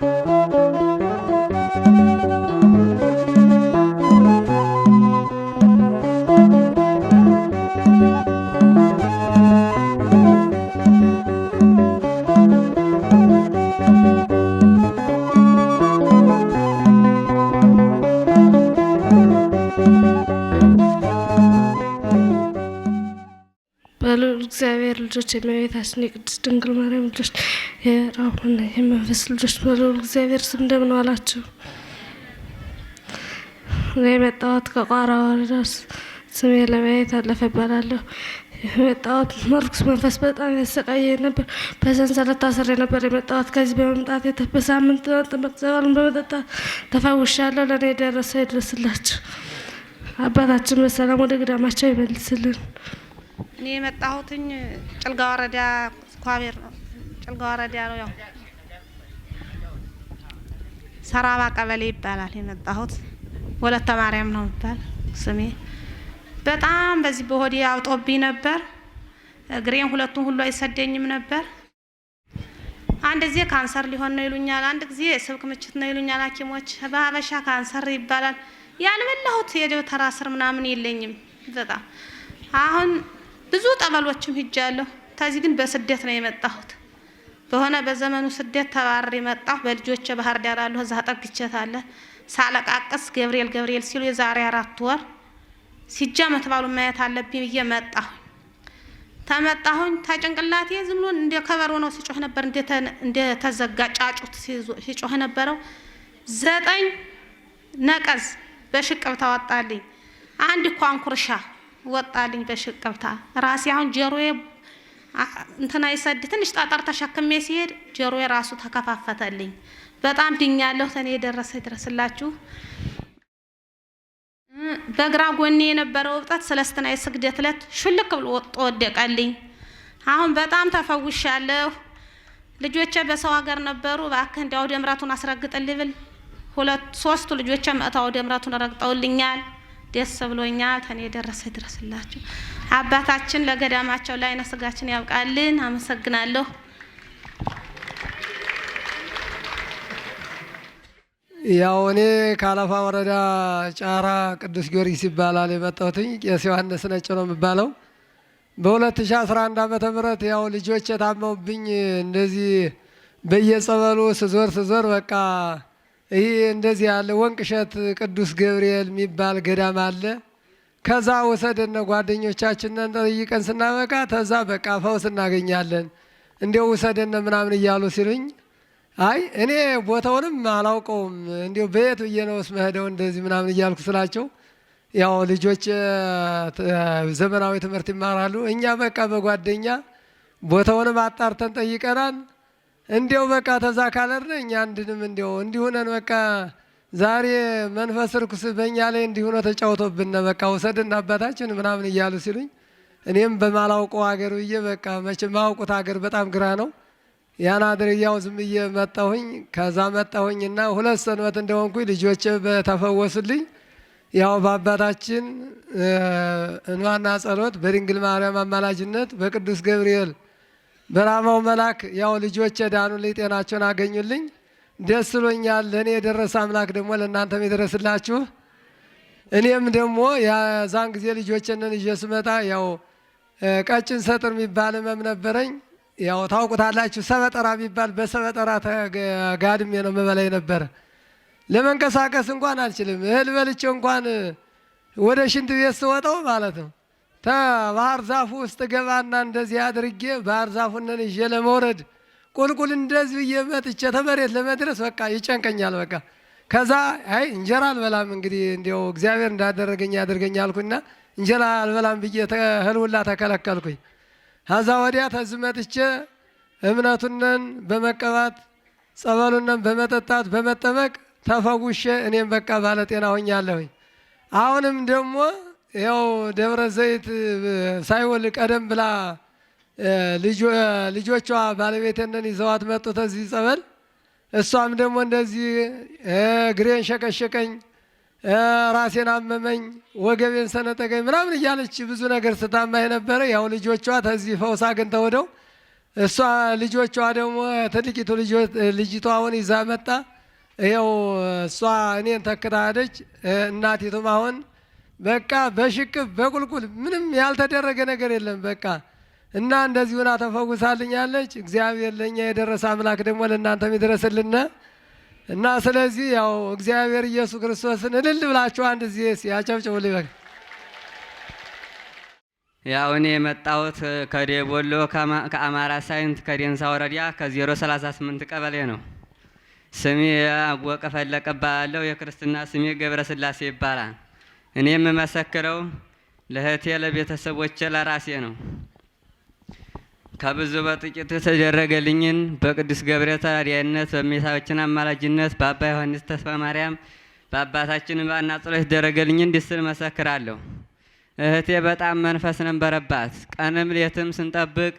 በልዑል እግዚአብሔር ልጆች የእመቤታችን የቅድስት ድንግል ማርያም ልጆች የራሁና የመንፈስ ልጆች በሉ እግዚአብሔር ስም እንደምን ዋላችሁ? እኔ የመጣሁት ከቋራ ወረዳ ስሜ ለማየት አለፈ ይባላለሁ። የመጣሁት ርኩስ መንፈስ በጣም ያሰቃየ ነበር። በሰንሰለት ታስሬ ነበር የመጣሁት። ከዚህ በመምጣት በሳምንት ጥምቅ ጸበሉን በመጠጣት ተፈውሻለሁ። ለእኔ የደረሰ ይድረስላችሁ። አባታችን በሰላም ወደ ግዳማቸው ይመልስልን። እኔ የመጣሁትኝ ጭልጋ ወረዳ ኳቤር ነው ጭልጋ ወረዳ ያለው ያው ሰራባ ቀበሌ ይባላል የመጣሁት። ወለተ ማርያም ነው ይባል ስሜ። በጣም በዚህ በሆዴ አውጦብኝ ነበር። እግሬን ሁለቱን ሁሉ አይሰደኝም ነበር። አንድ ጊዜ ካንሰር ሊሆን ነው ይሉኛል፣ አንድ ጊዜ ስብክ ምችት ነው ይሉኛል ሐኪሞች በሀበሻ ካንሰር ይባላል። ያልበላሁት የደብተራ ስር ምናምን የለኝም። በጣም አሁን ብዙ ጠበሎችም ሂጃለሁ። ከዚህ ግን በስደት ነው የመጣሁት። በሆነ በዘመኑ ስደት ተባሪ መጣሁ። በልጆቼ ባህር ዳር አለሁ። እዛ ጠግቸታለ ሳለቃቀስ ገብርኤል ገብርኤል ሲሉ የዛሬ አራት ወር ሲጃ መትባሉ ማየት አለብኝ ብዬ መጣሁ። ተመጣሁኝ ተጭንቅላቴ ዝም ብሎ እንደ ከበሮ ነው ሲጮህ ነበር። እንደ ተዘጋ ጫጩት ሲጮህ ነበረው። ዘጠኝ ነቀዝ በሽቅብታ ወጣልኝ። አንድ ኳንኩርሻ ወጣልኝ በሽቅብታ ራሴ አሁን ጀሮዬ እንትና ይሰድ ትንሽ ጣጣር ተሸክሜ ሲሄድ ጆሮ የራሱ ተከፋፈተልኝ። በጣም ድኛለሁ። ተኔ የደረሰ ይድረስላችሁ። በግራ ጎኔ የነበረው እብጠት ሰለስተና የስግደት ዕለት ሹልክ ብሎ ወደቀልኝ። አሁን በጣም ተፈውሻለሁ። ልጆቼ በሰው ሀገር ነበሩ። እባክህ እንዲያው ደምረቱን አስረግጥልኝ ብል ሁለት ሶስቱ ልጆቼ መጥተው ደምረቱን ረግጠውልኛል። ደስ ብሎኛል። ተኔ የደረሰ ይድረስላችሁ። አባታችን ለገዳማቸው ላይ ስጋችን ያብቃልን። አመሰግናለሁ። ያው እኔ ከአለፋ ወረዳ ጫራ ቅዱስ ጊዮርጊስ ይባላል የመጣሁትኝ። ቄስ ዮሐንስ ነጭ ነው የሚባለው። በ2011 ዓመተ ምህረት ያው ልጆች የታመሙብኝ እንደዚህ በየጸበሉ ስዞር ስዞር በቃ ይህ እንደዚህ ያለ ወንቅ እሸት ቅዱስ ገብርኤል የሚባል ገዳም አለ ከዛ ውሰደን ጓደኞቻችንን ጠይቀን ስናበቃ ተዛ በቃ ፈውስ እናገኛለን እንዲው ውሰደን ምናምን እያሉ ሲሉኝ፣ አይ እኔ ቦታውንም አላውቀውም እንዲሁ በየት ብዬ ነው መሄደው እንደዚህ ምናምን እያልኩ ስላቸው፣ ያው ልጆች ዘመናዊ ትምህርት ይማራሉ። እኛ በቃ በጓደኛ ቦታውንም አጣርተን ጠይቀናል። እንዲው በቃ ተዛ ካለርነ እኛ አንድንም እንዲው እንዲሁነን በቃ ዛሬ መንፈስ ርኩስ በእኛ ላይ እንዲሁ ነው ተጫውቶብን፣ በቃ ውሰድና አባታችን ምናምን እያሉ ሲሉኝ እኔም በማላውቀው ሀገር ብዬ በቃ መቼ ማውቁት ሀገር በጣም ግራ ነው። ያን አድርያው ዝም ብዬ መጣሁኝ። ከዛ መጣሁኝና ሁለት ሰንበት እንደሆንኩኝ ልጆች በተፈወሱልኝ ያው በአባታችን እንዋና ጸሎት በድንግል ማርያም አማላጅነት በቅዱስ ገብርኤል በራማው መልአክ ያው ልጆች ዳኑልኝ፣ ጤናቸውን አገኙልኝ። ደስ ብሎኛል። ለእኔ የደረሰ አምላክ ደግሞ ለእናንተም የደረስላችሁ። እኔም ደግሞ የዛን ጊዜ ልጆችንን ይዤ ስመጣ ያው ቀጭን ሰጥር የሚባል ህመም ነበረኝ። ያው ታውቁታላችሁ፣ ሰበጠራ የሚባል በሰበጠራ ተጋድሜ ነው መበላይ ነበረ። ለመንቀሳቀስ እንኳን አልችልም። እህል በልቼ እንኳን ወደ ሽንት ቤት ስወጣው ማለት ነው ተባህር ዛፉ ውስጥ ገባና እንደዚህ አድርጌ ባህር ዛፉንን ይዤ ለመውረድ ቁልቁል እንደዚህ ብዬ መጥቼ ተመሬት ለመድረስ በቃ ይጨንቀኛል። በቃ ከዛ አይ እንጀራ አልበላም እንግዲህ እንዲያው እግዚአብሔር እንዳደረገኝ ያደርገኝ አልኩና እንጀራ አልበላም ብዬ ህልውላ ተከለከልኩኝ። ከዛ ወዲያ ተዝ መጥቼ እምነቱነን በመቀባት ጸበሉነን በመጠጣት በመጠመቅ ተፈጉሼ እኔም በቃ ባለጤና ሆኛለሁኝ። አሁንም ደግሞ ያው ደብረ ዘይት ሳይወል ቀደም ብላ ልጆቿ ባለቤትነን ይዘዋት መጡ ተዚህ ጸበል። እሷም ደግሞ እንደዚህ እግሬን ሸቀሸቀኝ፣ ራሴን አመመኝ፣ ወገቤን ሰነጠቀኝ ምናምን እያለች ብዙ ነገር ስታማ የነበረ ያው ልጆቿ ተዚህ ፈውስ አግኝተው ወደው እሷ ልጆቿ ደግሞ ትልቂቱ ልጅቷ አሁን ይዛ መጣ። ይኸው እሷ እኔን ተክታደች። እናቲቱም አሁን በቃ በሽቅብ በቁልቁል ምንም ያልተደረገ ነገር የለም በቃ እና እንደዚህ ሆና ተፈውሳልኛለች። እግዚአብሔር ለእኛ የደረሰ አምላክ ደግሞ ለእናንተም ይድረስልን እና ስለዚህ ያው እግዚአብሔር ኢየሱስ ክርስቶስን እልል ብላችሁ አንድ ጊዜ ያጨብጭቡ። ልበል ያው እኔ የመጣሁት ከደቦሎ ከአማራ ሳይንት ከዴንሳ ወረዳ ከ 38 ቀበሌ ነው። ስሜ አወቀ ፈለቀ እባላለሁ። የክርስትና ስሜ ገብረ ስላሴ ይባላል። እኔ የምመሰክረው ለእህቴ፣ ለቤተሰቦቼ፣ ለራሴ ነው። ከብዙ በጥቂቱ የተደረገልኝን በቅዱስ ገብርኤል ተራዳኢነት በእመቤታችን አማላጅነት በአባ ዮሐንስ ተስፋ ማርያም በአባታችን ባና ጸሎት የተደረገልኝን ድስል መሰክራለሁ። እህቴ በጣም መንፈስ ነበረባት። ቀንም ሌትም ስንጠብቅ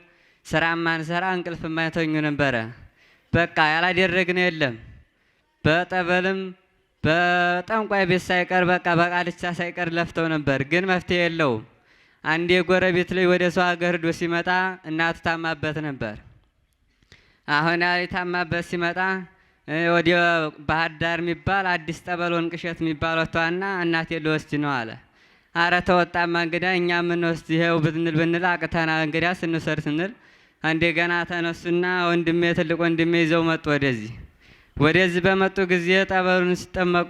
ስራ ማንሰራ እንቅልፍ ማይተኙ ነበረ። በቃ ያላደረግነው የለም። በጠበልም በጠንቋይ ቤት ሳይቀር በቃ በቃልቻ ሳይቀር ለፍተው ነበር፣ ግን መፍትሄ የለውም። አንድ የጎረቤት ልጅ ወደ ሰው ሀገር ሂዶ ሲመጣ እናቱ ታማበት ነበር። አሁን ታማበት ሲመጣ ወደ ባህር ዳር የሚባል አዲስ ጠበል ወንቅሸት የሚባል ወጥቷና እናቴ ልወስድ ነው አለ። አረ ተወጣማ እንግዳ እኛ የምንወስድ ይኸው ብንል ብንል አቅተና እንግዳ ስንሰር ስንል እንደገና ተነሱና ወንድሜ ትልቅ ወንድሜ ይዘው መጡ ወደዚህ ወደዚህ በመጡ ጊዜ ጠበሉን ሲጠመቁ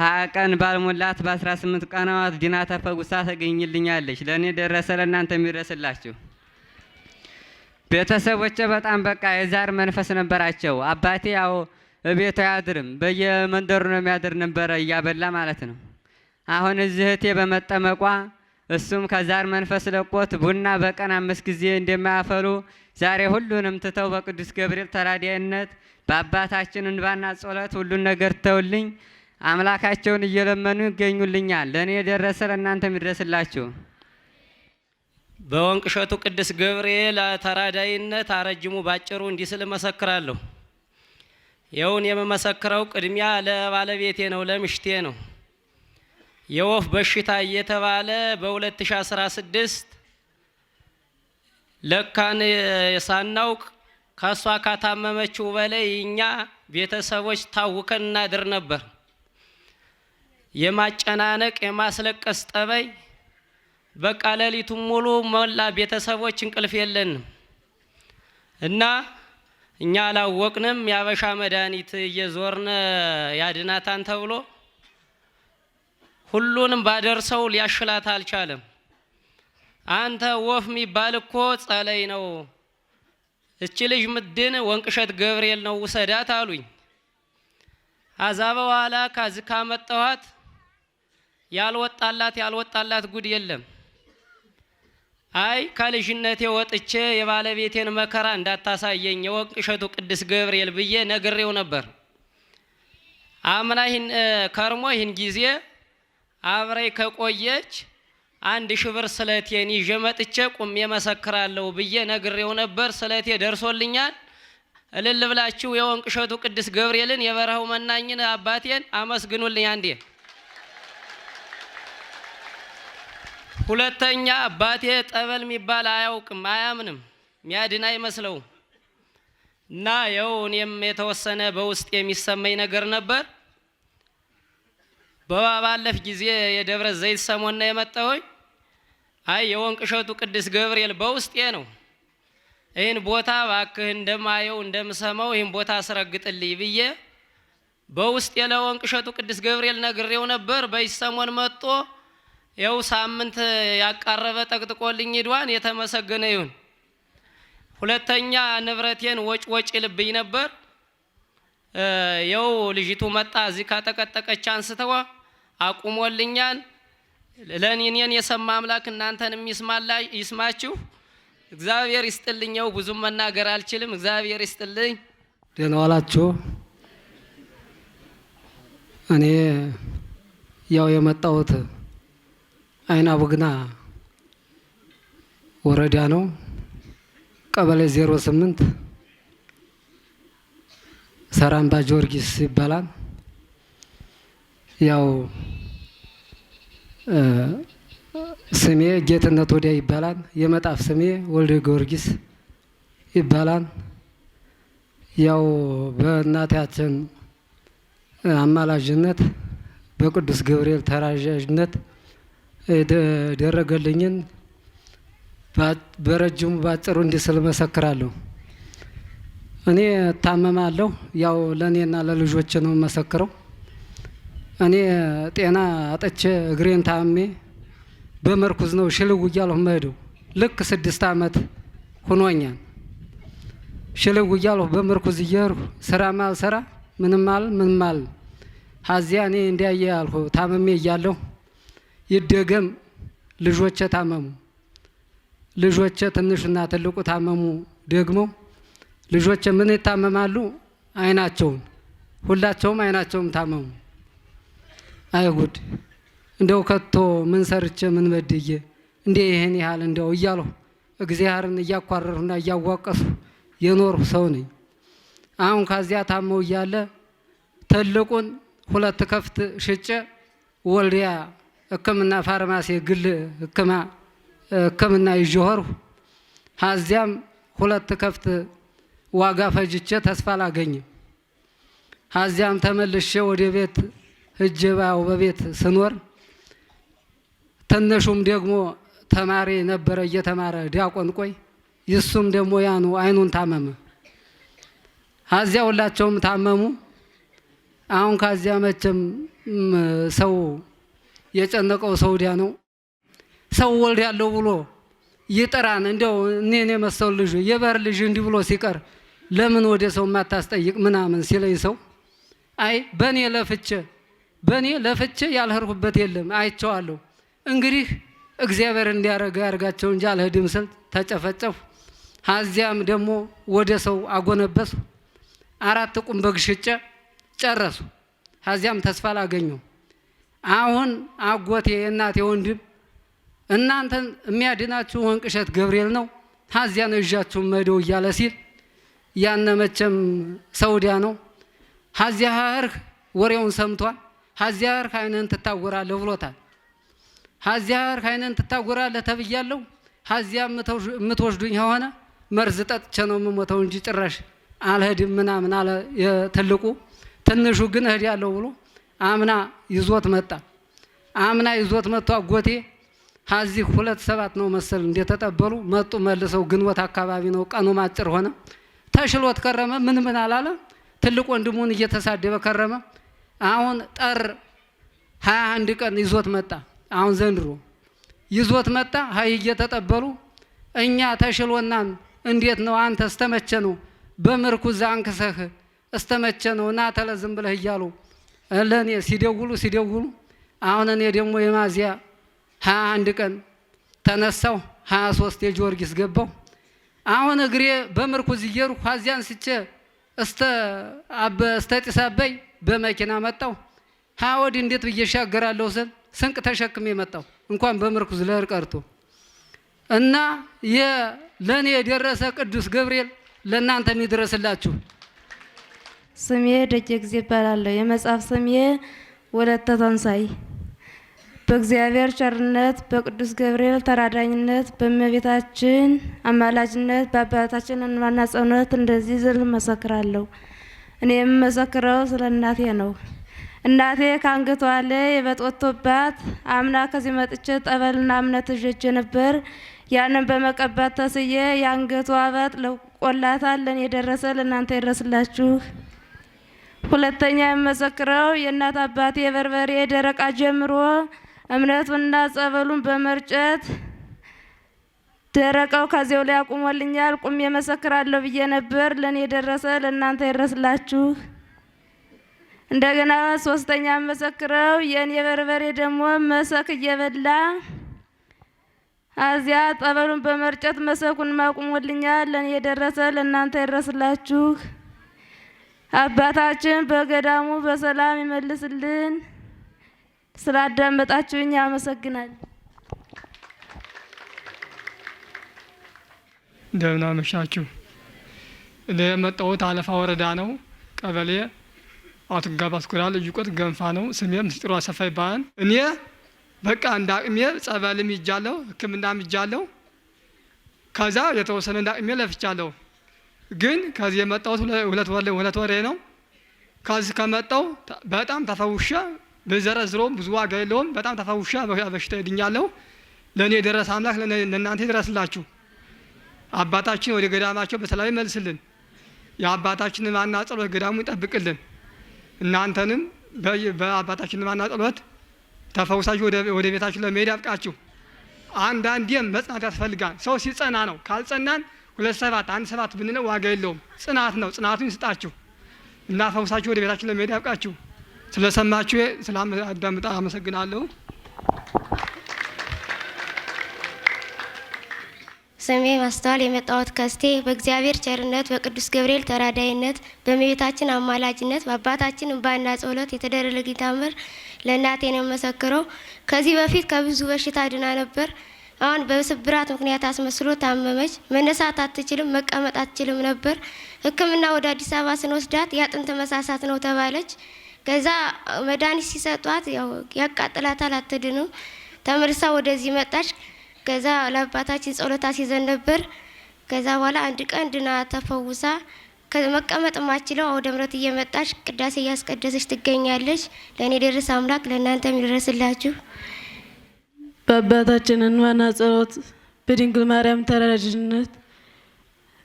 ሀያ ቀን ባልሞላት በአስራ ስምንት ቀናት ድና ተፈውሳ ተገኝልኛለች። ለእኔ ደረሰ፣ ለእናንተ የሚደርስላችሁ። ቤተሰቦቼ በጣም በቃ የዛር መንፈስ ነበራቸው። አባቴ ያው እቤቱ አያድርም፣ በየመንደሩ ነው የሚያድር ነበረ፣ እያበላ ማለት ነው። አሁን እዚህ እህቴ በመጠመቋ እሱም ከዛር መንፈስ ለቆት ቡና በቀን አምስት ጊዜ እንደማያፈሉ ዛሬ ሁሉንም ትተው በቅዱስ ገብርኤል ተራዳይነት በአባታችን እንባና ጸሎት ሁሉን ነገር ትተውልኝ አምላካቸውን እየለመኑ ይገኙልኛል። ለእኔ የደረሰ ለእናንተም ይድረስላችሁ። በወንቅ እሸቱ ቅዱስ ገብርኤል ተራዳይነት አረጅሙ ባጭሩ እንዲህ ስል እመሰክራለሁ። ይኸውን የምመሰክረው ቅድሚያ ለባለቤቴ ነው፣ ለምሽቴ ነው። የወፍ በሽታ እየተባለ በ2016 ለካን ሳናውቅ ከእሷ ካታመመችው በላይ እኛ ቤተሰቦች ታውከን እናድር ነበር። የማጨናነቅ የማስለቀስ ጠበይ በቃ ሌሊቱን ሙሉ መላ ቤተሰቦች እንቅልፍ የለንም እና እኛ አላወቅንም። የአበሻ መድኃኒት እየዞርነ ያድናታን ተብሎ ሁሉንም ባደርሰው ሊያሽላት አልቻለም። አንተ ወፍ የሚባል እኮ ጸለይ ነው፣ እቺ ልጅ ምድን ወንቅሸት ገብርኤል ነው ውሰዳት አሉኝ። አዛ በኋላ ከዚህ ካመጣኋት ያልወጣላት ያልወጣላት ጉድ የለም። አይ ከልጅነቴ ወጥቼ የባለቤቴን መከራ እንዳታሳየኝ የወንቅ እሸቱ ቅዱስ ገብርኤል ብዬ ነግሬው ነበር። አምና ይህን ከርሞ ይህን ጊዜ አብረይ ከቆየች አንድ ሽብር ስለቴን ይዤ መጥቼ ቁሜ መሰክራለሁ ብዬ ነግሬው ነበር። ስለቴ ደርሶልኛል። እልል ብላችሁ የወንቅ እሸቱ ቅዱስ ገብርኤልን የበረሃው መናኝን አባቴን አመስግኑልኝ አንዴ። ሁለተኛ አባቴ ጠበል የሚባል አያውቅም፣ አያምንም፣ ሚያድን አይመስለው እና ያው እኔም የተወሰነ በውስጥ የሚሰማኝ ነገር ነበር። በባለፍ ጊዜ የደብረ ዘይት ሰሞና የመጣሁኝ አይ የወንቅ እሸቱ ቅዱስ ገብርኤል በውስጤ ነው። ይህን ቦታ ባክህ እንደማየው እንደምሰማው ይህን ቦታ አስረግጥልኝ ብዬ በውስጤ ለወንቅ እሸቱ ቅዱስ ገብርኤል ነግሬው ነበር። በይሰሞን መጥቶ ይኸው ሳምንት ያቃረበ ጠቅጥቆልኝ ሂዷን የተመሰገነ ይሁን። ሁለተኛ ንብረቴን ወጭ ወጭ ልብኝ ነበር። ይኸው ልጅቱ መጣ እዚህ ካጠቀጠቀች አንስተዋ አቁሞልኛል። ለእኔን የሰማ አምላክ እናንተን የሚስማላ ይስማችሁ። እግዚአብሔር ይስጥልኝ። ይኸው ብዙም መናገር አልችልም። እግዚአብሔር ይስጥልኝ። ደህና ዋላችሁ። እኔ ያው የመጣሁት አይና ቡግና ወረዳ ነው። ቀበሌ ዜሮ ስምንት ሰራምባ ጊዮርጊስ ይባላል። ያው ስሜ ጌትነት ወዲያ ይባላል። የመጣፍ ስሜ ወልደ ጊዮርጊስ ይባላል። ያው በእናታችን አማላጅነት በቅዱስ ገብርኤል ተራዣዥነት የተደረገልኝን በረጅሙ ባጭሩ እንዲህ ስል መሰክራለሁ። እኔ ታመማለሁ። ያው ለእኔና ለልጆች ነው መሰክረው። እኔ ጤና አጥቼ እግሬን ታሜ በመርኩዝ ነው ሽልው እያለሁ መሄደው። ልክ ስድስት ዓመት ሁኖኛል። ሽልው እያለሁ በመርኩዝ እየሄድኩ ስራ ማልሰራ ምንም አል ምንም አል ሀዚያ እኔ እንዲያየ ያልሁ ታመሜ እያለሁ ይደገም። ልጆቼ ታመሙ፣ ልጆቼ ትንሹና ትልቁ ታመሙ። ደግሞ ልጆቼ ምን ይታመማሉ? አይናቸውን። ሁላቸውም አይናቸውም ታመሙ። አይጉድ እንደው ከቶ ምን ሰርቼ ምን በድዬ እንዴ ይህን ያህል እንደው እያለሁ እግዚአብሔርን እያኳረርሁና እያዋቀሱ የኖርሁ ሰው ነኝ። አሁን ከዚያ ታመው እያለ ትልቁን ሁለት ከፍት ሽጬ ወልዲያ ህክምና ፋርማሲ ግል ህክማ ህክምና ሆርሁ። አዚያም ሁለት ከፍት ዋጋ ፈጅቼ ተስፋ አላገኝም። አዚያም ተመልሼ ወደ ቤት እጀባው በቤት ስኖር ትንሹም ደግሞ ተማሪ ነበረ እየተማረ ዲያቆን ቆይ ይሱም ደግሞ ያኑ አይኑን ታመመ። አዚያ ሁላቸውም ታመሙ። አሁን ከዚያ መቼም ሰው የጨነቀው ሰው ዲያ ነው። ሰው ወልድ ያለው ብሎ ይጠራን እንዲያው እኔን የመሰው ልጅ የበር ልጅ እንዲህ ብሎ ሲቀር ለምን ወደ ሰው የማታስጠይቅ ምናምን ሲለኝ ሰው አይ በእኔ ለፍቼ በእኔ ለፍቼ ያልሄድኩበት የለም አይቼዋለሁ። እንግዲህ እግዚአብሔር እንዲያረገ ያርጋቸው እንጂ አልሄድም ስል ተጨፈጨፉ። አዚያም ደግሞ ወደ ሰው አጎነበሱ። አራት ቁም በግ ሽጬ ጨረሱ። አዚያም ተስፋ አላገኘው አሁን አጎቴ እናቴ ወንድም እናንተን የሚያድናችሁ ወንቅ እሸት ገብርኤል ነው ታዚያ ነው ይዣችሁ መደው እያለ ሲል ያነ መቼም ሰውዲያ ነው ሀዚያ ህርህ ወሬውን ሰምቷል። ሀዚያ ህርህ አይነን ትታወራለህ ብሎታል። ሀዚያ ህርህ አይነን ትታወራለህ ተብያለሁ። ሀዚያ የምትወስዱኝ ከሆነ መርዝ ጠጥቼ ነው የምሞተው እንጂ ጭራሽ አልሄድም ምናምን አለ ትልቁ። ትንሹ ግን እሄዳለሁ ብሎ አምና ይዞት መጣ። አምና ይዞት መጥቶ አጎቴ ከዚህ ሁለት ሰባት ነው መሰል እንደተጠበሉ መጡ። መልሰው ግንቦት አካባቢ ነው ቀኑ ማጭር ሆነ። ተሽሎት ከረመ። ምን ምን አላለ። ትልቅ ወንድሙን እየተሳደበ ከረመ። አሁን ጠር ሀያ አንድ ቀን ይዞት መጣ። አሁን ዘንድሮ ይዞት መጣ። ሀይ እየተጠበሉ እኛ ተሽሎናን እንዴት ነው አንተ እስተመቼ ነው በምርኩዝ አንክሰህ እስተመቼ ነው እና ተለዝም ብለህ እያሉ ለእኔ ሲደውሉ ሲደውሉ አሁን እኔ ደግሞ የማዚያ ሀያ አንድ ቀን ተነሳው ሀያ ሶስት የጊዮርጊስ ገባው። አሁን እግሬ በምርኩዝ እየሩ ኳዚያን ስቼ እስተ እስተ አባይ በመኪና መጣው። ሀያ ወዲህ እንዴት ብዬ እሻገራለሁ ስል ስንቅ ተሸክሜ መጣው። እንኳን በምርኩዝ ለር ቀርቶ እና ለእኔ የደረሰ ቅዱስ ገብርኤል ለእናንተ የሚደረስላችሁ ስሜ ደጀ ጊዜ ይባላለሁ። የመጽሐፍ ስሜ ወለተ ተንሳይ። በእግዚአብሔር ቸርነት በቅዱስ ገብርኤል ተራዳኝነት በእመቤታችን አማላጅነት በአባታችን እንባና ጸውነት እንደዚህ ዝል መሰክራለሁ። እኔ የምመሰክረው ስለ እናቴ ነው። እናቴ ከአንገቷ ላይ የበጥ ወጥቶባት አምና ከዚህ መጥቼ ጠበልና እምነት እዤ ነበር። ያንን በመቀባት ተስዬ የአንገቷ በጥ ቆላታለን። የደረሰ ለእናንተ ይድረስላችሁ። ሁለተኛ የመሰክረው የእናት አባቴ የበርበሬ ደረቃ ጀምሮ እምነቱንና ጸበሉን በመርጨት ደረቀው ከዚያው ላይ አቁሞልኛል። ቁሜ መሰክራለሁ ብዬ ነበር። ለእኔ የደረሰ ለእናንተ ይድረስላችሁ። እንደገና ሶስተኛ መሰክረው የእኔ በርበሬ ደግሞ መሰክ እየበላ አዚያ ጠበሉን በመርጨት መሰኩን ማቁሞልኛል። ለእኔ የደረሰ ለእናንተ ይድረስላችሁ። አባታችን በገዳሙ በሰላም ይመልስልን። ስላዳመጣችሁኝ ያመሰግናል። እንደምን አመሻችሁ። የመጣሁት አለፋ ወረዳ ነው። ቀበሌ ጋባስ ኩራ ልዩ ቁጥ ገንፋ ነው። ስሜም ምስጢሩ አሰፋ ይባላል። እኔ በቃ እንደ አቅሜ ጸበልም ይጃለሁ፣ ሕክምናም ይጃለሁ። ከዛ የተወሰነ እንደ አቅሜ ለፍቻለሁ። ግን ከዚህ የመጣሁት ሁለት ወሬ ነው። ከዚህ ከመጣው በጣም ተፈውሻ ብዘረዝሮም ብዙ ዋጋ የለውም። በጣም ተፈውሻ በሽታ ይድኛለሁ። ለእኔ የደረሰ አምላክ ለእናንተ ይድረስላችሁ። አባታችን ወደ ገዳማቸው በሰላም ይመልስልን። የአባታችን ማና ጸሎት ገዳሙ ይጠብቅልን። እናንተንም በአባታችን ማና ጸሎት ተፈውሳችሁ ወደ ቤታችሁ ለመሄድ ያብቃችሁ። አንዳንዴም መጽናት ያስፈልጋል። ሰው ሲጸና ነው። ካልጸናን ሁለት ሰባት አንድ ሰባት ብንለው ዋጋ የለውም። ጽናት ነው። ጽናቱን ይስጣችሁ እና ፈውሳችሁ ወደ ቤታችሁ ለመሄድ ያብቃችሁ። ስለሰማችሁ ስላዳምጣ አመሰግናለሁ። ስሜ ማስተዋል የመጣሁት ከስቴ በእግዚአብሔር ቸርነት በቅዱስ ገብርኤል ተራዳይነት በእመቤታችን አማላጅነት በአባታችን እንባና ጸሎት የተደረገልኝ ተአምር ለእናቴ ነው መሰክረው ከዚህ በፊት ከብዙ በሽታ ድና ነበር። አሁን በስብራት ምክንያት አስመስሎ ታመመች። መነሳት አትችልም፣ መቀመጥ አትችልም ነበር። ሕክምና ወደ አዲስ አበባ ስንወስዳት የአጥንት መሳሳት ነው ተባለች። ከዛ መድኃኒት ሲሰጧት ያው ያቃጥላታል፣ አትድንም። ተመልሳ ወደዚህ መጣች። ከዛ ለአባታችን ጸሎታ ሲዘን ነበር። ከዛ በኋላ አንድ ቀን ድና ተፈውሳ መቀመጥ ማችለው አውደ ምሕረት እየመጣች ቅዳሴ እያስቀደሰች ትገኛለች። ለእኔ ደረስ አምላክ ለእናንተም ይደረስላችሁ። በአባታችን እንባና ጸሎት በድንግል ማርያም ተራዳጅነት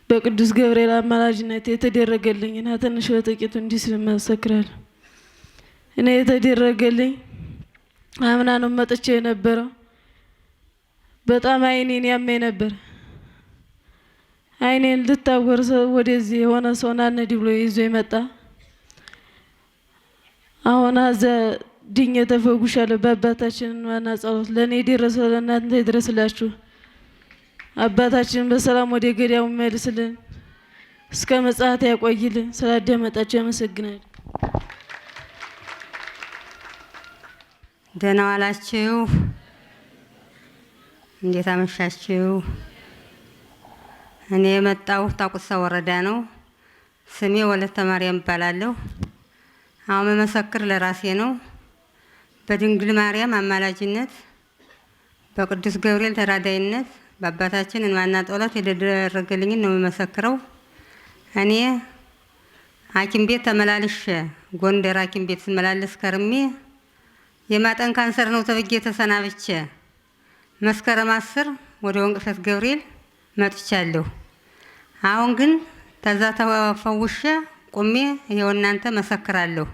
በቅዱስ ገብርኤል አማላጅነት ና ትንሽ በጥቂቱ እንዲህ ስል እኔ የተደረገልኝ አምና ነው መጥቼ የነበረው በጣም አይኔን ያመኝ ነበር። አይኔን ልታወር ወደዚህ የሆነ ሰው ናነዲ ብሎ ይዞ የመጣ አሁን ድኜ ተፈውሻለሁ። በአባታችን ዋና ጸሎት ለእኔ የደረሰ ለእናንተ ይድረስላችሁ። አባታችን በሰላም ወደ ገዳሙ መልስልን፣ እስከ ምጽአት ያቆይልን። ስላዳመጣችሁ ያመሰግናል። ደህና ዋላችሁ። እንዴት አመሻችሁ? እኔ የመጣው ታቁሳ ወረዳ ነው። ስሜ ወለተ ማርያም እባላለሁ። አሁን መመሰክር ለራሴ ነው። በድንግል ማርያም አማላጅነት በቅዱስ ገብርኤል ተራዳይነት በአባታችን እንባና ጸሎት የተደረገልኝን ነው የምመሰክረው። እኔ ሐኪም ቤት ተመላልሼ ጎንደር ሐኪም ቤት ስመላለስ ከርሜ የማጠን ካንሰር ነው ተብዬ ተሰናብቼ መስከረም አስር ወደ ወንቅሰት ገብርኤል መጥቻለሁ። አሁን ግን ተዛ ተፈውሼ ቁሜ ይኸው እናንተ መሰክራለሁ።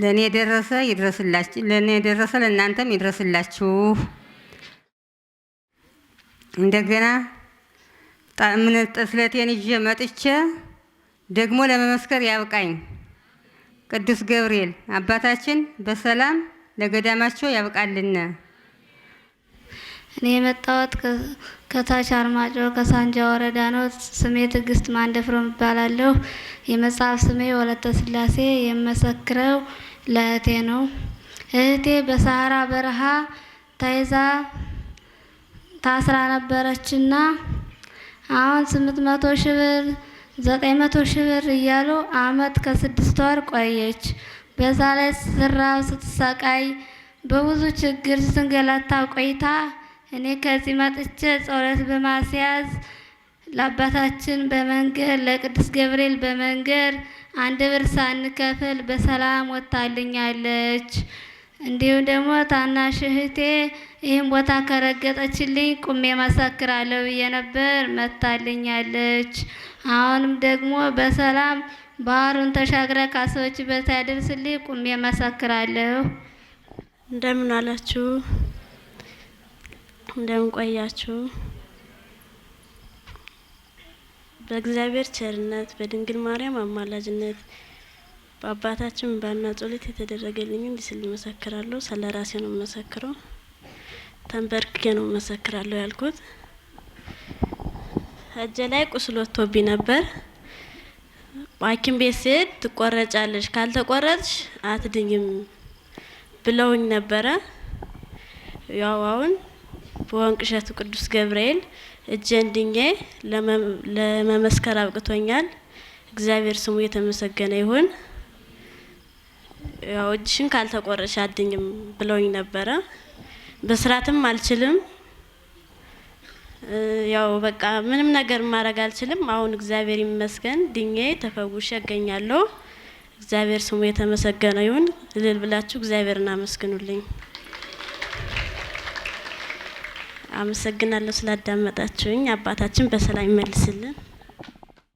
ለእኔ የደረሰ ይድረስላችሁ፣ ለእኔ የደረሰ ለእናንተም ይድረስላችሁ። እንደገና ጣምን ጥስለቴን ይዤ መጥቼ ደግሞ ለመመስከር ያብቃኝ ቅዱስ ገብርኤል አባታችን በሰላም ለገዳማቸው ያብቃልን። እኔ የመጣሁት ከታች አርማጮ ከሳንጃ ወረዳ ነው። ስሜ ትዕግስት ማንደፍሮ እባላለሁ። የመጽሐፍ ስሜ ወለተ ስላሴ፣ የመሰክረው ለእህቴ ነው። እህቴ በሰሐራ በረሃ ተይዛ ታስራ ነበረችና አሁን ስምንት መቶ ሺህ ብር ዘጠኝ መቶ ሺህ ብር እያሉ አመት ከስድስት ወር ቆየች። በዛ ላይ ስራ ስትሰቃይ በብዙ ችግር ስትንገላታ ቆይታ እኔ ከዚህ መጥቼ ጸሎት በማስያዝ ለአባታችን በመንገድ ለቅዱስ ገብርኤል በመንገድ አንድ ብር ሳንከፍል በሰላም ወጥታልኛለች። እንዲሁም ደግሞ ታናሽ እህቴ ይህን ቦታ ከረገጠችልኝ ቁሜ መሰክራለሁ ብዬ ነበር፣ መታልኛለች። አሁንም ደግሞ በሰላም ባህሩን ተሻግረ ካሰዎች በታ ያደርስልኝ ቁሜ መሰክራለሁ። እንደምን አላችሁ? እንደምን ቆያችሁ? በእግዚአብሔር ቸርነት በድንግል ማርያም አማላጅነት በአባታችን ባና ጸሎት የተደረገልኝ እንዲህ ስል መሰክራለሁ። ስለ ራሴ ነው መሰክረው፣ ተንበርክኬ ነው መሰክራለሁ ያልኩት። እጄ ላይ ቁስል ወጥቶብኝ ነበር። ሐኪም ቤት ስሄድ ትቆረጫለሽ፣ ካልተቆረጥሽ አትድኝም ብለውኝ ነበረ ያው አሁን በወንቅ እሸቱ ቅዱስ ገብርኤል እጄ እንድኜ ለመመስከር አብቅቶኛል። እግዚአብሔር ስሙ የተመሰገነ ይሁን። ያው እጅሽን ካልተቆረሽ አድኝም ብለውኝ ነበረ። በስራትም አልችልም። ያው በቃ ምንም ነገር ማድረግ አልችልም። አሁን እግዚአብሔር ይመስገን ድኜ ተፈውሼ እገኛለሁ። እግዚአብሔር ስሙ የተመሰገነ ይሁን። እልል ብላችሁ እግዚአብሔርን አመስግኑልኝ። አመሰግናለሁ ስላዳመጣችሁኝ። አባታችን በሰላም ይመልስልን።